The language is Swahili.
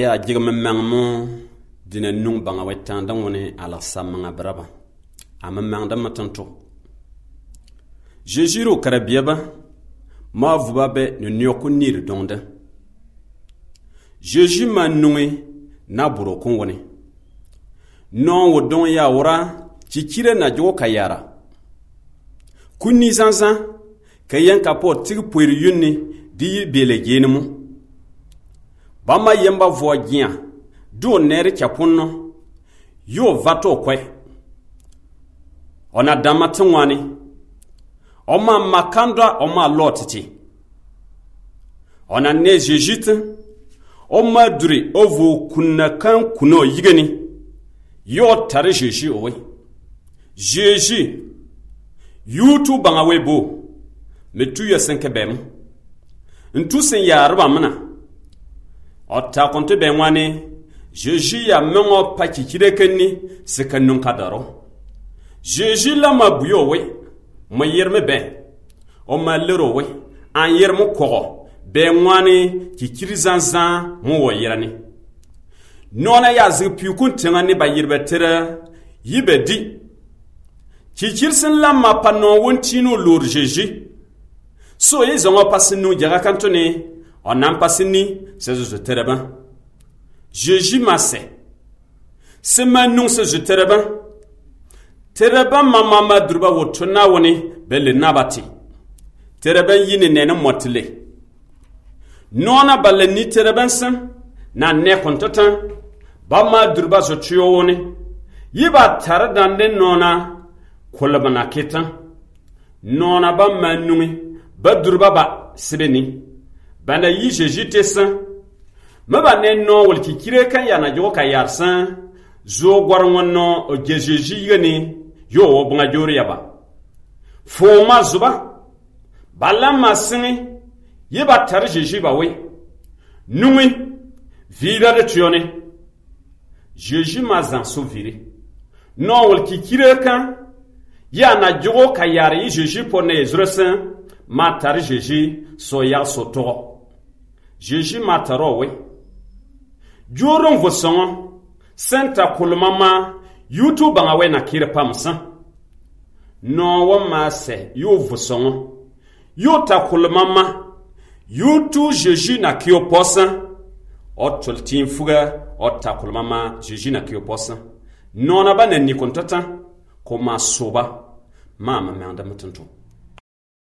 yaa e jigm maŋmo dina na nung bãnga wẽtãandã wẽne alagsam-maŋa braba a me maŋdame tẽn tʋg zeezi ro kara biaba maa vuba bɛ ne neok n niir dõngda zeezi maan nungẽ e, na burok n wẽne noon wo ya wora wʋra kikira na jogo ka yara ku ni zãzã ka yẽn ka pao tig poer yũnne dɩ yɩ beele geenemu bãmba yemba voa gĩa dũo ned kya pũnnɔ yo va tɩ o kɔɛ o na dãmbã tɩ wãne o ma kãndoa o maa lɔɔ tɩ tɩ na ne zeezi tɩ o ma duri o voo kunna kãn kuna o yige ni yɩ tare jeji o we zeezi yuu tɩ bãnga we me ya sẽn kẽ bɛɛm n tu ya ta kuntu be ngwane jeji ya mengo pa kikire kenni se kanun kadaro jeji la ma buyo we ma yerme be o ma lero we an yermu kogo be ngwane kikiri zanzan mu wo yerani nona ya zi piukun tenga ne ba yirbe tere yibe di kikir sẽn la ma pa noog n tĩinu loor zeezi so ye zõngã pa sẽn nuu gɛga kãn tõne on nan pas ni se zo tereba jeji masse se manung se zo tereba tereba mama madruba wotuna woni belle nabati tereba yini nene motile nona balle ni tereba san na ne kontata ba ma madruba zo tuyo woni ba tare dande nona kolbana kitan nona ba manungi ba durba ba sibeni bãnda zezi te tesẽ me ba ne no wal kikire kan ya na jogo ka yar san zo gwar wonno o jejeji yene yo wo bunga jori yaba fo ma zuba balla ma sini ye ba tar jeji ba we numi vida de ne jeji ma zan so vire no wal kikire kan ya na jogo ka yar yi jeji po ne zresen ma tar jeji so ya so to ʒeʒi ma ta rɔwe joori n vo sɔŋɔ sɛn ta kulima maa yuutu baŋa wɛ na kiri pam sãn nɔɔwɔ maa sɛ yoo vo sɔŋɔ yoo ta kulima ma yuutu ʒeʒi na kio pɔ sãn o tol tiin fuga o ta kulima maa ʒeʒi na kio pɔ sãn nɔɔna ba na nikon tɔtã ko maa soba maa ma mɛŋdami tuntun